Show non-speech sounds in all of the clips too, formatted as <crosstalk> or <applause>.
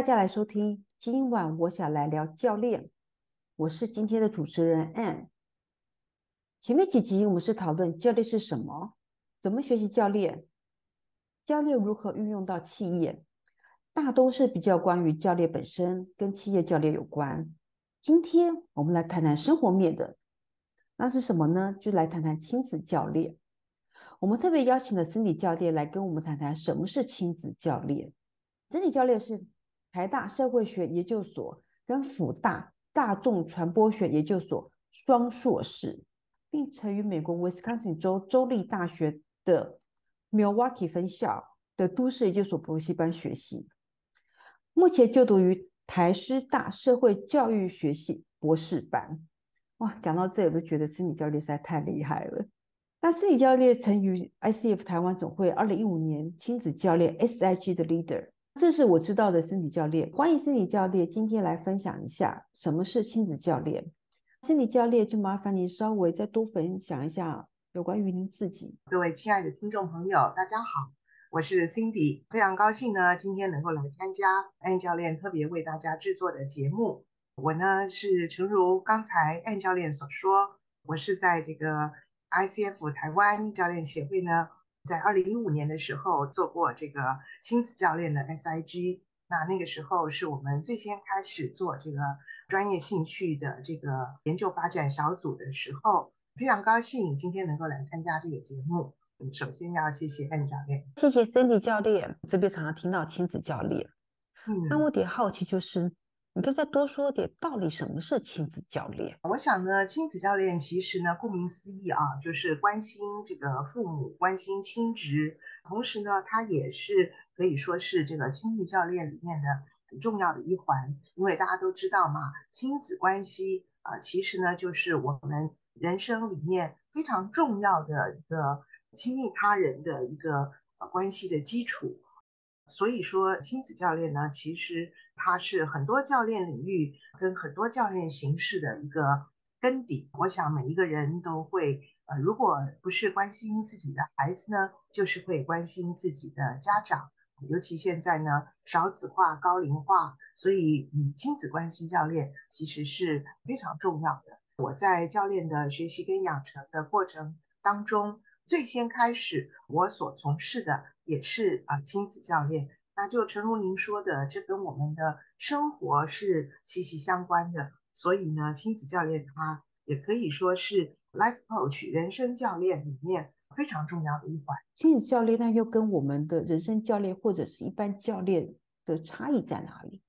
大家來收聽，今晚我想來聊教練。我是今天的主持人 Ann。前面幾集我們是討論教練是什麼，怎麼學習教練，教練如何運用到企業，大都是比較關於教練本身跟企業教練有關。今天我們來談談生活面的，那是什麼呢？就來談談親子教練。我們特別邀請了 Cindy 教練來跟我們談談什麼是親子教練。Cindy 教練是。台大社會學研究所跟輔大大眾傳播學研究所雙碩士，並曾於美國威斯康辛州州立大學的 Milwaukee 分校的都市研究所博士班學習。目前就讀於台師大社會教育學系博士班。哇，講到這，我就覺得親子教練實在太厲害了。那親子教練曾於 ICF 台灣總會二零一五年親子教練 SIG 的 leader。這是我知道的 Cindy 教練，歡迎 Cindy 教練今天來分享一下什麼是親子教練。Cindy 教練就麻煩您稍微再多分享一下有關於您自己。各位親愛的聽眾朋友，大家好，我是 Cindy，非常高興呢今天能夠來參加 Ann 教練特別為大家制作的節目。我呢是誠如剛才 Ann 教練所說，我是在這個 ICF 台灣教練協會呢。在二零一五年的時候做過這個親子教練的 SIG，那那個時候是我們最先開始做這個專業興趣的這個研究發展小組的時候，非常高興今天能夠來參加這個節目。首先要謝謝 Ann 教練，謝謝 Cindy 教練，這邊常常聽到親子教練，嗯，那我有點好奇就是。你再多說點，到底什麼是親子教練？我想呢，親子教練其實呢，顧名思義啊，就是關心這個父母，關心親職。同時呢，它也是可以說是這個親密教練裡面的很重要的一環，因為大家都知道嘛，親子關係啊，呃，其實呢，就是我們人生裡面非常重要的一個親密他人的一個關係的基礎。所以說，親子教練呢，其實。它是很多教練領域跟很多教練形式的一個根底。我想每一個人都會，呃，如果不是關心自己的孩子呢，就是會關心自己的家長。尤其現在呢，少子化、高齡化，所以，嗯，親子關係教練其實是非常重要的。我在教練的學習跟養成的過程當中，最先開始我所從事的也是啊，親子教練。那就誠如您說的，這跟我們的生活是息息相關的，所以呢，親子教練他也可以說是 life coach 人生教練裡面非常重要的一環。親子教練那又跟我們的人生教練或者是一般教練的差異在哪裡？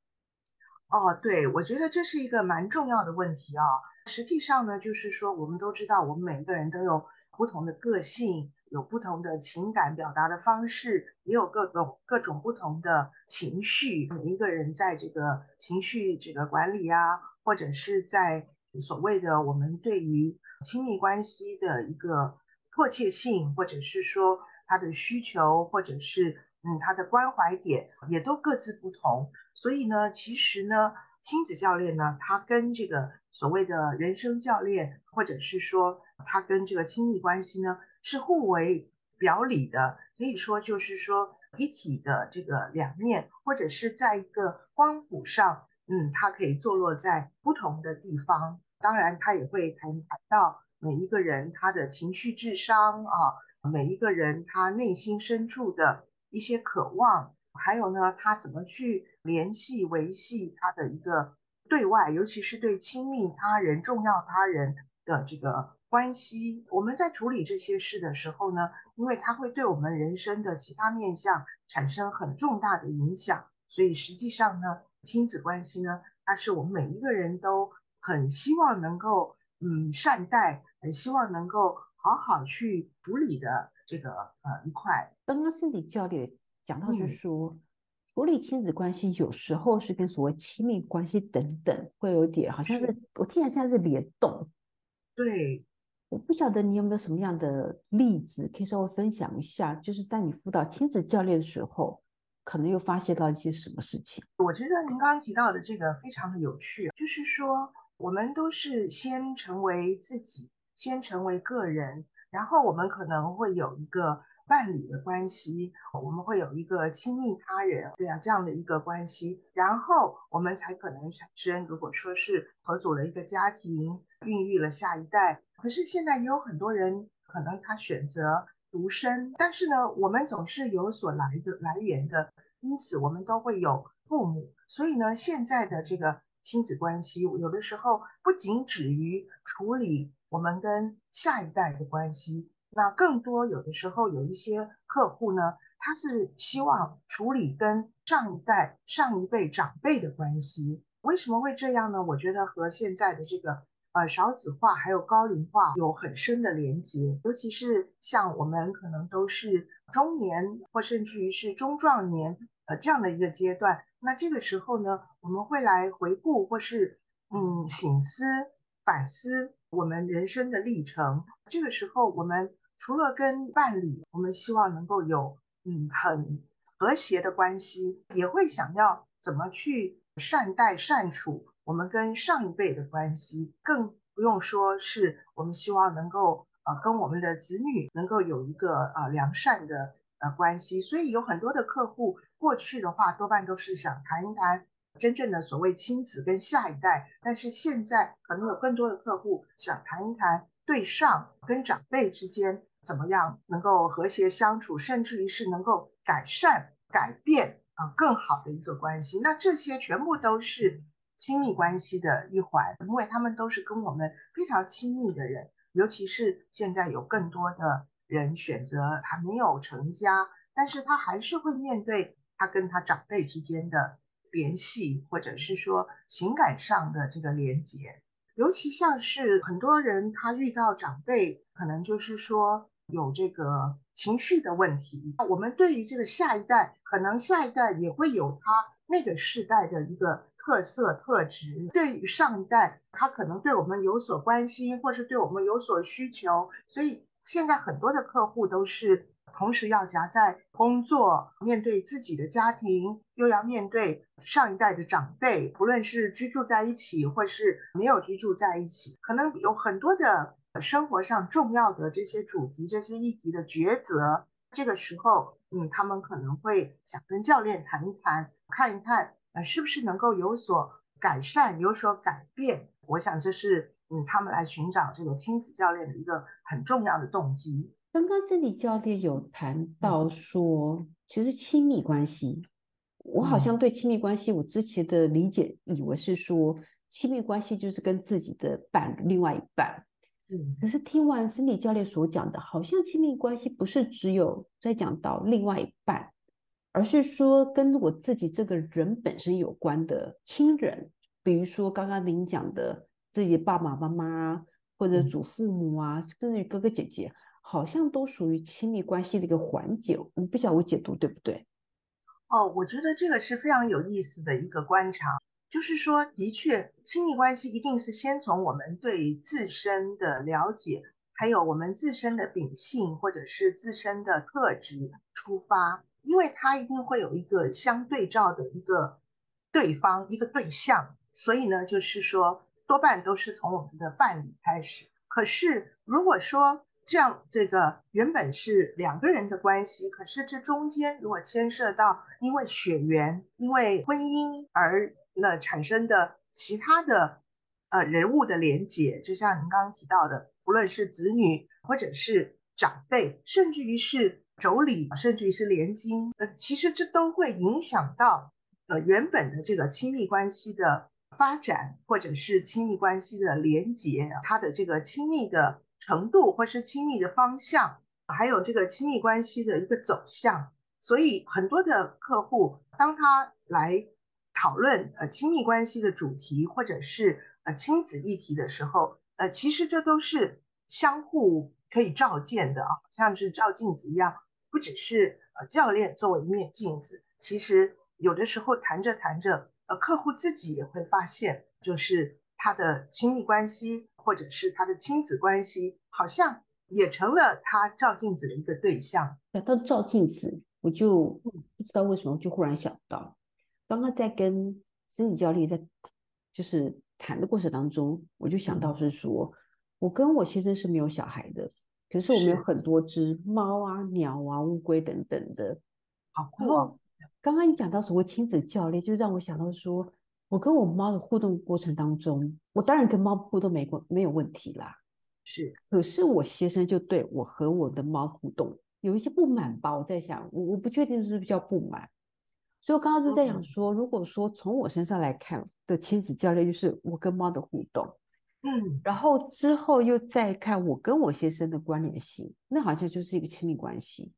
哦，對，我覺得這是一個蠻重要的問題啊、哦。實際上呢，就是說我們都知道，我們每個人都有不同的個性。有不同的情感表達的方式，也有各種各種不同的情緒。每一個人在這個情緒這個管理啊，或者是在所謂的我們對於親密關係的一個迫切性，或者是說他的需求，或者是嗯他的關懷點，也都各自不同。所以呢，其實呢，親子教練呢，他跟這個所謂的人生教練，或者是說他跟這個親密關係呢，是互為表裡的，可以說就是說一體的這個兩面，或者是在一個光譜上，嗯，它可以坐落在不同的地方。當然，它也會談談到每一個人他的情緒智商啊，每一個人他內心深處的一些渴望，還有呢，他怎麼去聯繫維繫他的一個對外，尤其是對親密他人、重要他人的這個關係，我們在處理這些事的時候呢，因為它會對我們人生的其他面向產生很重大的影響，所以實際上呢，親子關係呢，它是我們每一個人都很希望能夠嗯善待，很希望能夠好好去處理的這個呃一塊。剛剛 Cindy 教練講到是說，嗯、處理親子關係有時候是跟所謂親密關係等等會有點好像是，是我聽起來像是聯動，對。我不曉得你有沒有什麼樣的例子可以稍微分享一下，就是在你輔導親子教練的時候，可能又發現到一些什麼事情？我覺得您剛剛提到的這個非常的有趣，就是說我們都是先成為自己，先成為個人，然後我們可能會有一個伴侶的關係，我們會有一個親密他人，對啊，這樣的一個關係，然後我們才可能產生，如果說是合組了一個家庭，孕育了下一代。可是現在也有很多人可能他選擇獨身，但是呢，我們總是有所來的來源的，因此我們都會有父母。所以呢，現在的這個親子關係，有的時候不僅止於處理我們跟下一代的關係，那更多有的時候有一些客戶呢，他是希望處理跟上一代、上一輩長輩的關係。為什麼會這樣呢？我覺得和現在的這個。呃，少子化還有高齡化有很深的連接，尤其是像我們可能都是中年或甚至於是中壯年，呃，這樣的一個階段。那這個時候呢，我們會來回顧或是嗯，省思反思我們人生的歷程。這個時候，我們除了跟伴侶，我們希望能夠有嗯很和諧的關係，也會想要怎麼去善待善處。我們跟上一輩的關係，更不用說是我們希望能夠呃跟我們的子女能夠有一個呃良善的呃關係。所以有很多的客戶過去的話，多半都是想談一談真正的所謂親子跟下一代，但是現在可能有更多的客戶想談一談對上跟長輩之間怎麼樣能夠和諧相處，甚至於是能夠改善、改變啊、呃、更好的一個關係。那這些全部都是。親密關係的一環，因為他們都是跟我們非常親密的人，尤其是現在有更多的人選擇還沒有成家，但是他還是會面對他跟他長輩之間的聯繫，或者是說情感上的這個連接。尤其像是很多人他遇到長輩，可能就是說有這個情緒的問題。我們對於這個下一代，可能下一代也會有他那個時代的一個。特色特質，對於上一代，他可能對我們有所關心，或是對我們有所需求，所以現在很多的客戶都是同時要夾在工作、面對自己的家庭，又要面對上一代的長輩，不論是居住在一起或是沒有居住在一起，可能有很多的生活上重要的這些主題、這些議題的抉擇。這個時候，嗯，他們可能會想跟教練談一談，看一看。呃，是不是能夠有所改善，有所改變？我想這是嗯，他們來尋找這個親子教練的一個很重要的動機。剛剛 Cindy 教練有談到說，嗯、其實親密關係，我好像對親密關係、嗯、我之前的理解，以為是說親密關係就是跟自己的伴、另外一半。嗯，可是聽完 Cindy 教練所講的，好像親密關係不是只有在講到另外一半。而是說跟我自己這個人本身有關的親人，比如說剛剛您講的自己的爸爸媽媽，或者祖父母啊，甚至於哥哥姐姐，好像都屬於親密關係的一個環節。你不曉得我解讀對不對？哦，我覺得這個是非常有意思的一個觀察，就是說，的確，親密關係一定是先從我們對自身的了解，還有我們自身的秉性，或者是自身的特質出發。因為它一定會有一個相對照的一個對方、一個對象，所以呢，就是說多半都是從我們的伴侶開始。可是如果說這樣，這個原本是兩個人的關係，可是這中間如果牽涉到因為血緣、因為婚姻而那產生的其他的呃人物的連結，就像您剛剛提到的，不論是子女或者是。長輩，甚至於是妯娌，甚至於是連襟，呃，其實這都會影響到呃原本的這個親密關係的發展，或者是親密關係的連結，它的這個親密的程度，或是親密的方向，呃，還有這個親密關係的一個走向。所以很多的客戶，當他來討論呃親密關係的主題，或者是呃親子議題的時候，呃，其實這都是相互。可以照見的啊，像是照鏡子一樣，不只是呃教練作為一面鏡子，其實有的時候談着談着，呃客戶自己也會發現，就是他的親密關係或者是他的親子關係，好像也成了他照鏡子的一個對象。那到照鏡子，我就不知道為什麼，就忽然想到，剛剛在跟 Cindy 教練在就是談的過程當中，我就想到是說，嗯、我跟我先生是沒有小孩的。可是我們有很多隻貓啊、是鳥啊、烏龜等等的，好酷！後好剛剛你講到所謂親子教練，就讓我想到說，我跟我貓的互動過程當中，我當然跟貓互動沒關，沒有問題啦。是，可是我先生就對我和我的貓互動有一些不滿吧，我在想，我我不確定是不是叫不滿，所以我剛剛是在想說，嗯，如果說從我身上來看的親子教練，就是我跟貓的互動。嗯，然後之後又再看我跟我先生的關聯性，那好像就是一個親密關係，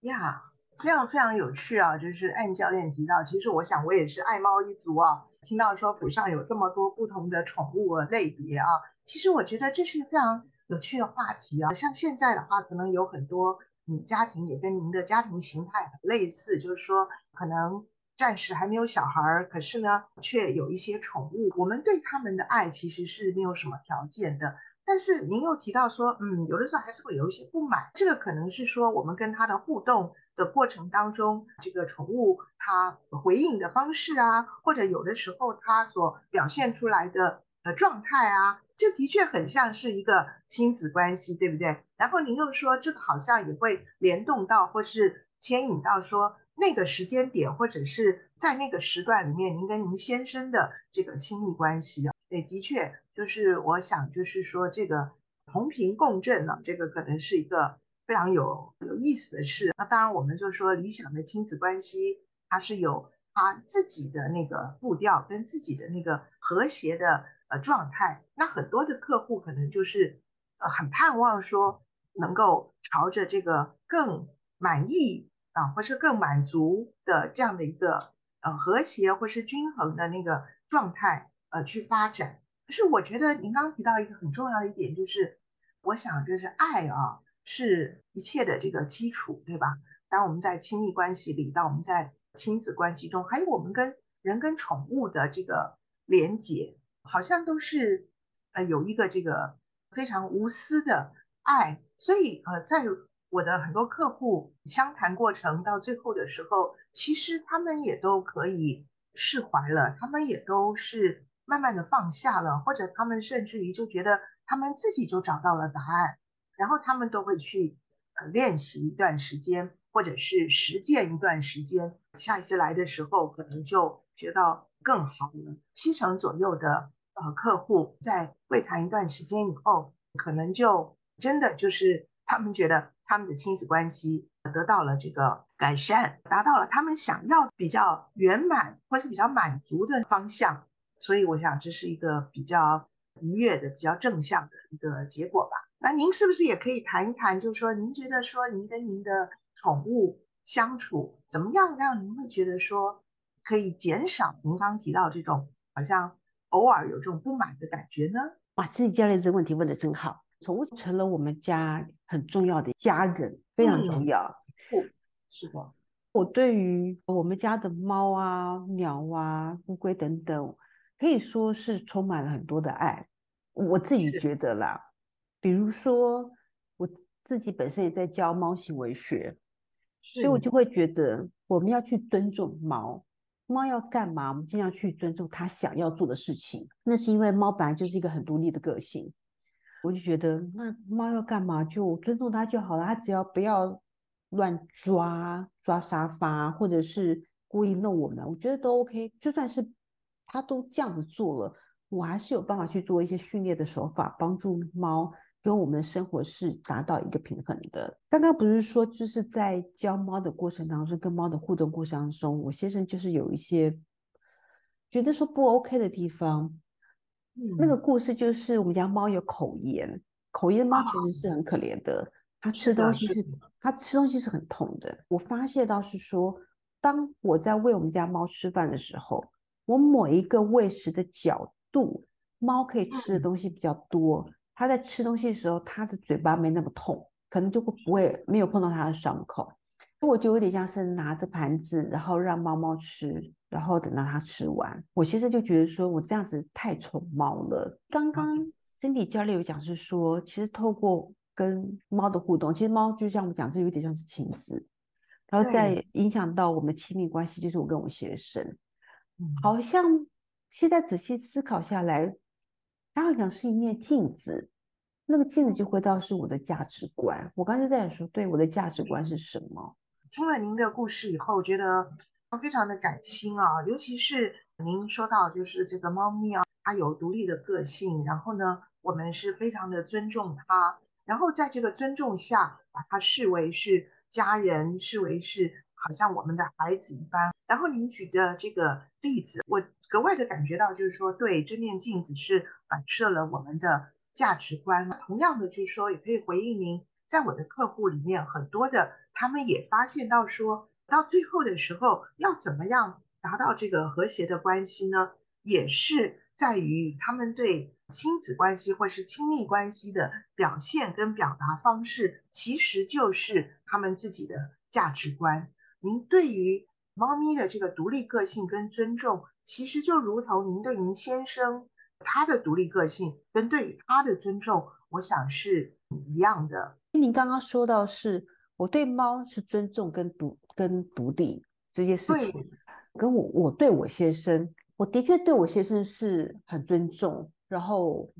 呀，非常非常有趣啊！就是 Ann 教練提到，其實我想我也是愛貓一族啊。聽到說府上有這麼多不同的寵物類別啊，其實我覺得這是一個非常有趣的話題啊。像現在的話，可能有很多嗯家庭也跟您的家庭形態很類似，就是說可能。暫時還沒有小孩兒，可是呢，卻有一些寵物。我們對他們的愛其實是沒有什麼條件的。但是您又提到說，嗯，有的時候還是會有一些不滿。這個可能是說我們跟他的互動的過程當中，這個寵物它回應的方式啊，或者有的時候它所表現出來的呃狀態啊，這的確很像是一個親子關係，對不對？然後您又說，這個好像也會聯動到或是。牽引到說那個時間點，或者是在那個時段裡面，您跟您先生的這個親密關係、啊，也的確就是我想就是說這個同頻共振呢、啊，這個可能是一個非常有有意思的事。那當然我們就說理想的親子關係，它是有它自己的那個步調跟自己的那個和諧的呃狀態。那很多的客戶可能就是呃很盼望說能夠朝着這個更。滿意啊，或是更滿足的這樣的一個呃和諧或是均衡的那個狀態呃去發展。可是我覺得您剛剛提到一個很重要的一點，就是我想就是愛啊是一切的這個基礎，對吧？當我們在親密關係裡，當我們在親子關係中，還有我們跟人跟寵物的這個連接，好像都是呃有一個這個非常無私的愛，所以呃在。我的很多客戶，相談過程到最後的時候，其實他們也都可以釋懷了，他們也都是慢慢的放下了，或者他們甚至於就覺得他們自己就找到了答案，然後他們都會去呃練習一段時間，或者是實踐一段時間，下一次來的時候可能就學到更好了。七成左右的呃客戶在會談一段時間以後，可能就真的就是。他們覺得他們的親子關係得到了這個改善，達到了他們想要比較圓滿或是比較滿足的方向，所以我想這是一個比較愉悅的、比較正向的一個結果吧。那您是不是也可以談一談，就是說您覺得說您跟您的寵物相處怎麼樣，讓您會覺得說可以減少您剛提到這種好像偶爾有這種不滿的感覺呢？哇，自己教練這個問題問得真好。寵物成了我們家很重要的家人，非常重要。是的，我對於我們家的貓啊、鳥啊、烏龜等等，可以說是充滿了很多的愛。我自己覺得啦，是比如說我自己本身也在教貓行為學，所以我就會覺得是我們要去尊重貓，貓要幹嘛，我們盡量去尊重它想要做的事情。那是因為貓本來就是一個很獨立的個性。我就覺得那貓要幹嘛就尊重它就好了，它只要不要亂抓抓沙發，或者是故意弄我們，我覺得都 OK。就算是它都這樣子做了，我還是有辦法去做一些訓練的手法，幫助貓跟我們的生活是達到一個平衡的。剛剛不是說就是在教貓的過程當中，跟貓的互動過程當中，我先生就是有一些覺得說不 OK 的地方。那個故事就是我們家貓有口炎，口炎的貓其實是很可憐的。哦，它吃東西是它吃東西是很痛的。我發現到是說，當我在餵我們家貓吃飯的時候，我某一個餵食的角度，貓可以吃的東西比較多。它在吃東西的時候，它的嘴巴沒那麼痛，可能就會不會沒有碰到它的傷口。我就有點像是拿着盤子，然後讓貓貓吃，然後等到它吃完。我其實就覺得說我這樣子太寵貓了。剛剛 Cindy 教練有講是說，其實透過跟貓的互動，其實貓就像我們講，這有點像是親子，然後再影響到我們的親密關係，就是我跟我先生。對好像現在仔細思考下來，它好像是一面鏡子，那個鏡子就回到是我的價值觀。我剛才在講說，對我的價值觀是什麼？聽了您的故事以後，我覺得非常的感心啊、哦，尤其是您說到就是這個貓咪啊，它有獨立的個性，然後呢，我們是非常的尊重它，然後在這個尊重下，把它視為是家人，視為是好像我們的孩子一般。然後您舉的這個例子，我格外的感覺到就是說，對這面鏡子是反射了我們的價值觀。同樣的就是說，也可以回應您，在我的客戶裡面很多的。他們也發現到說，說到最後的時候要怎麼樣達到這個和諧的關係呢？也是在於他們對親子關係或是親密關係的表現跟表達方式，其實就是他們自己的價值觀。您對於貓咪的這個獨立個性跟尊重，其實就如同您對您先生他的獨立個性跟對他的尊重，我想是一樣的。您剛剛說到是。我對貓是尊重跟獨跟獨立這些事情，對跟我我對我先生，我的確對我先生是很尊重，然後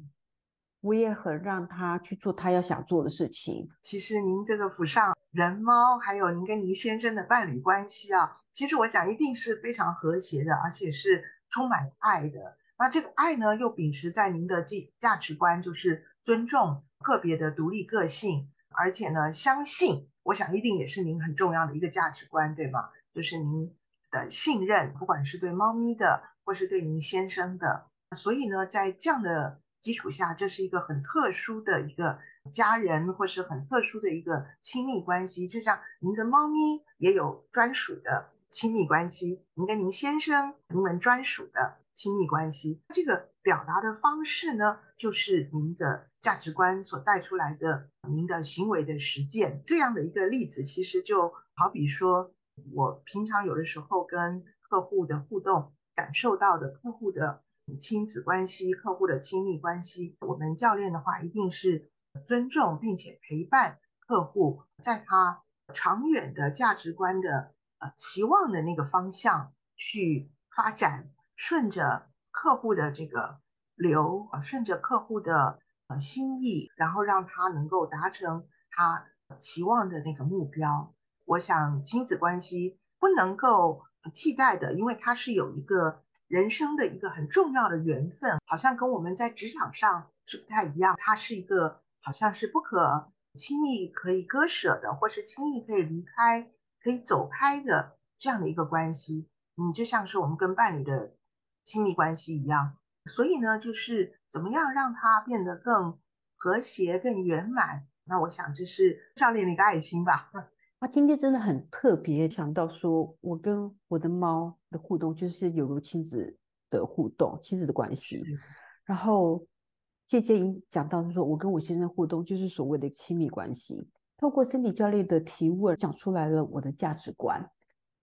我也很讓他去做他要想做的事情。其實您這個府上人貓還有您跟您先生的伴侶關係啊，其實我想一定是非常和諧的，而且是充滿愛的。那這個愛呢，又秉持在您的價值觀，就是尊重個別的獨立個性，而且呢，相信。我想一定也是您很重要的一個價值觀，對嗎？就是您的信任，不管是對貓咪的，或是對您先生的。所以呢，在這樣的基礎下，這是一個很特殊的一個家人，或是很特殊的一個親密關係。就像您的貓咪也有專屬的親密關係，您跟您先生，您們專屬的。親密關係，這個表達的方式呢，就是您的價值觀所帶出來的您的行為的實踐這樣的一個例子。其實就好比說我平常有的時候跟客戶的互動，感受到的客戶的親子關係、客戶的親密關係，我們教練的話一定是尊重並且陪伴客戶，在他長遠的價值觀的呃期望的那個方向去發展。順着客戶的這個流，順着客戶的呃心意，然後讓他能夠達成他期望的那個目標。我想親子關係不能夠替代的，因為它是有一個人生的一個很重要的緣分，好像跟我們在職場上是不太一樣。它是一個好像是不可輕易可以割舍的，或是輕易可以離開、可以走開的這樣的一個關係。嗯，就像是我們跟伴侶的親密關係一樣，所以呢，就是怎麼樣讓它變得更和諧、更圓滿？那我想，這是教練你的一個愛心吧？那今天真的很特別，想到說我跟我的貓的互動，就是有如親子的互動、親子的關係。嗯、然後，謝建一講到說，我跟我先生互動，就是所謂的親密關係。透過 Cindy 教練的提問，講出來了我的價值觀。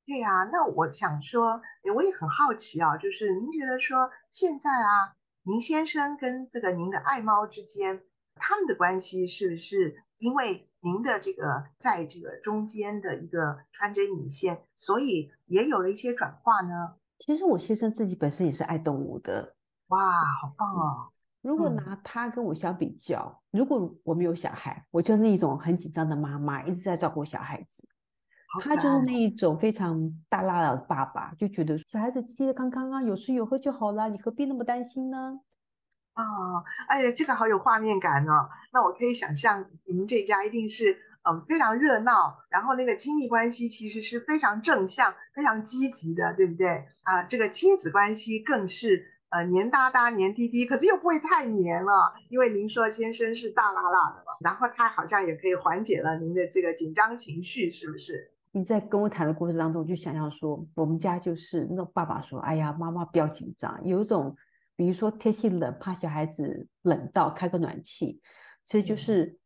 對呀、啊，那我想說，我也很好奇啊，就是您覺得說現在啊，您先生跟這個您的愛貓之間，他們的關係是不是因為您的這個在這個中間的一個穿針引線，所以也有了一些轉化呢？其實我先生自己本身也是愛動物的，哇，好棒哦！嗯、如果拿他跟我相比較，嗯、如果我沒有小孩，我就是一種很緊張的媽媽，一直在照顧小孩子。他就是那一種非常大喇喇的爸爸，就覺得小孩子健健康康啊，有吃有喝就好了，你何必那麼擔心呢？啊、哦，哎呀，這個好有畫面感呢、哦。那我可以想象，你們這一家一定是嗯、呃、非常熱鬧，然後那個親密關係其實是非常正向、非常積極的，對不對？啊，這個親子關係更是呃黏噠噠、黏滴滴，可是又不會太黏了，因為您說先生是大喇喇的嘛，然後他好像也可以緩解了您的這個緊張情緒，是不是？你在跟我談的過程當中，就想象說，我們家就是那個、爸爸說，哎呀，媽媽不要緊張，有一種，比如說天氣冷，怕小孩子冷到開個暖氣，其實就是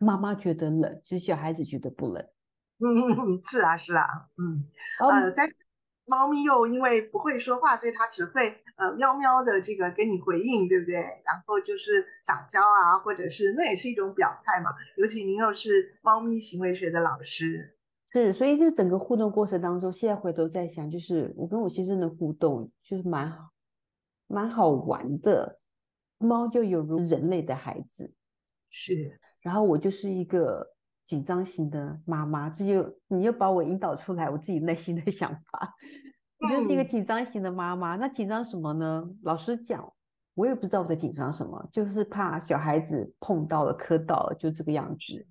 媽媽覺得冷，嗯、其實小孩子覺得不冷。嗯，是啊，是啊，嗯，嗯呃，但是貓咪又因為不會說話，所以它只會呃喵喵的這個給你回應，對不對？然後就是撒嬌啊，或者是那也是一種表態嘛。尤其您又是貓咪行為學的老師。是，所以就整個互動過程當中，現在回頭再想，就是我跟我先生的互動就是蠻，蠻好玩的。貓就有如人類的孩子，是。然後我就是一個緊張型的媽媽，這就你又把我引導出來，我自己內心的想法，我、嗯、 <laughs> 就是一個緊張型的媽媽。那緊張什麼呢？老實講，我也不知道我在緊張什麼，就是怕小孩子碰到了，磕到了，就這個樣子。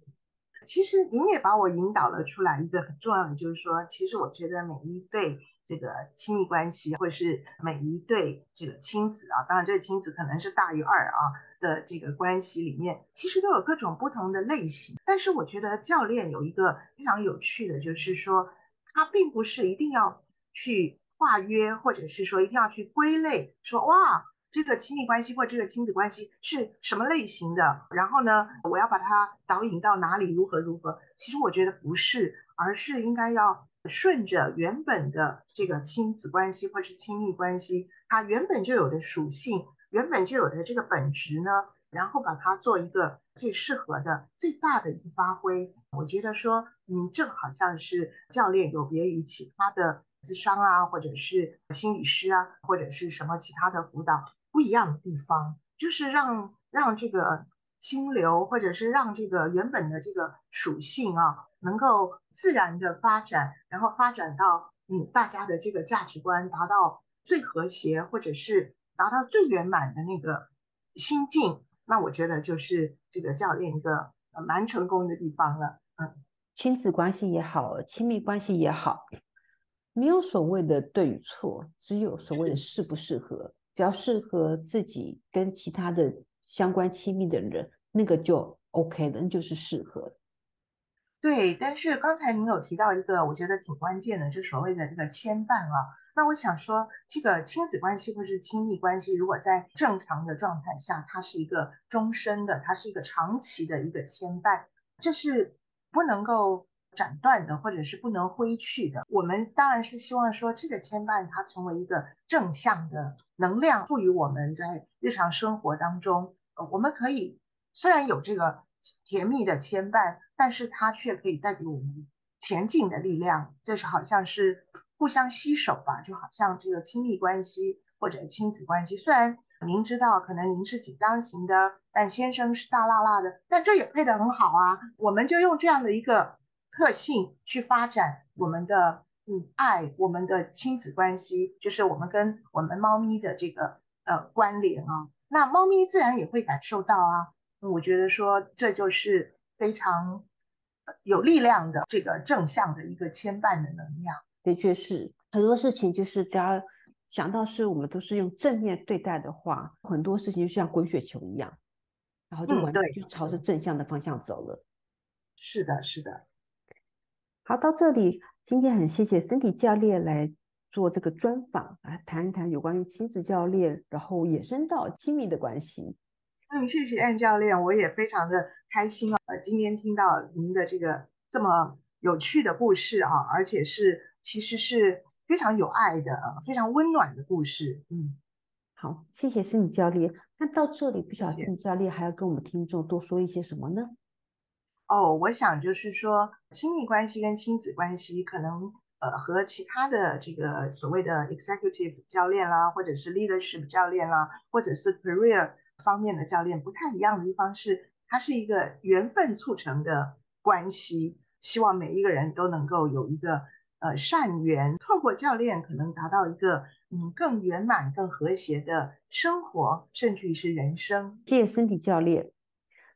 其實您也把我引導了出來，一個很重要的就是說，其實我覺得每一對這個親密關係，或者是每一對這個親子啊，當然這個親子可能是大於二啊的這個關係裡面，其實都有各種不同的類型。但是我覺得教練有一個非常有趣的，就是說他並不是一定要去化約，或者是說一定要去歸類，說哇。這個親密關係或這個親子關係是什麼類型的？然後呢，我要把它導引到哪裡？如何如何？其實我覺得不是，而是應該要順着原本的這個親子關係或是親密關係，它原本就有的屬性，原本就有的這個本質呢，然後把它做一個最適合的、最大的一個發揮。我覺得說，嗯，這個好像是教練有別於其他的諮商啊，或者是心理師啊，或者是什麼其他的輔導。不一樣的地方，就是讓讓這個心流，或者是讓這個原本的這個屬性啊，能夠自然的發展，然後發展到嗯，大家的這個價值觀達到最和諧，或者是達到最圓滿的那個心境。那我覺得就是這個教練一個蠻成功的地方了。嗯，親子關係也好，親密關係也好，沒有所謂的對與錯，只有所謂的適不適合。比較適合自己跟其他的相關親密的人，那個就 OK 了，那就是適合。對，但是剛才您有提到一個，我覺得挺關鍵的，就是所謂的這個牽絆啊。那我想說，這個親子關係或者是親密關係，如果在正常的狀態下，它是一個終身的，它是一個長期的一個牽絆，這，就是不能夠斬斷的，或者是不能揮去的，我們當然是希望說這個牽絆它成為一個正向的能量，賦予我們在日常生活當中，呃，我們可以雖然有這個甜蜜的牽絆，但是它卻可以帶給我們前進的力量。這是好像是互相吸手吧，就好像這個親密關係或者親子關係，雖然您知道可能您是緊張型的，但先生是大辣辣的，但這也配得很好啊。我們就用這樣的一個。特性去發展我們的嗯愛，我們的親子關係，就是我們跟我們貓咪的這個呃關聯啊、哦。那貓咪自然也會感受到啊、嗯。我覺得說這就是非常有力量的這個正向的一個牽絆的能量。的確是，很多事情就是只要想到是我們都是用正面對待的話，很多事情就像滾雪球一樣，然後就完全就朝着正向的方向走了。嗯、是的是的，是的。啊，到這裡，今天很謝謝 Cindy 教練來做這個專訪啊，談一談有關於親子教練，然後延伸到親密的關係。嗯，謝謝安教練，我也非常的開心啊，今天聽到您的這個這麼有趣的故事啊，而且是其實是非常有愛的，非常溫暖的故事。嗯，好，謝謝 Cindy 教練。那到這裡，不曉得 Cindy 教練還要跟我們聽眾多說一些什麼呢？謝謝哦，oh, 我想就是說，親密關係跟親子關係，可能呃和其他的這個所謂的 executive 教練啦，或者是 leadership 教練啦，或者是 career 方面的教練不太一樣的地方是，它是一個緣分促成的關係。希望每一個人都能夠有一個呃善緣，透過教練可能達到一個嗯更圓滿、更和諧的生活，甚至於是人生。謝謝 Cindy 教練。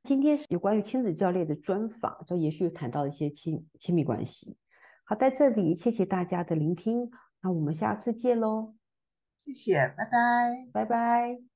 今天是有關於親子教練的專訪，就也許有談到一些親親密關係。好，在這裡謝謝大家的聆聽，那我們下次見嘍。謝謝，拜拜，拜拜。